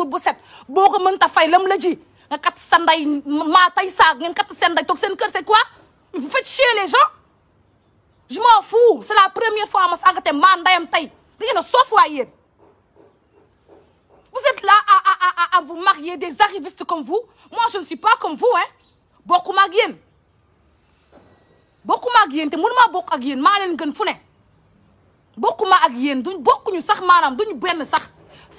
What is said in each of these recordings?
pour bu set boo ko mënta fay lam la ji nga kat sa nday tay sag ngeen kat seen tok sen seen c'est quoi vous faites chier les gens je m'en fous c'est la première fois ma saagate ma ndayam tay da ngeen a soof waay vous êtes là à à à à vous marier des arrivistes comme vous moi je ne suis pas comme vous hein Beaucoup ak yéen bokkuma ak yéen te mënuma bok ak yéen ma len gën fu ne bokkuma ak yéen duñ bokkuñu sax manam duñ ben sax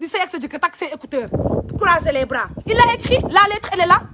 Il sey que sa jëkkër ces écouteurs. écouteur les bras il a écrit la lettre elle est là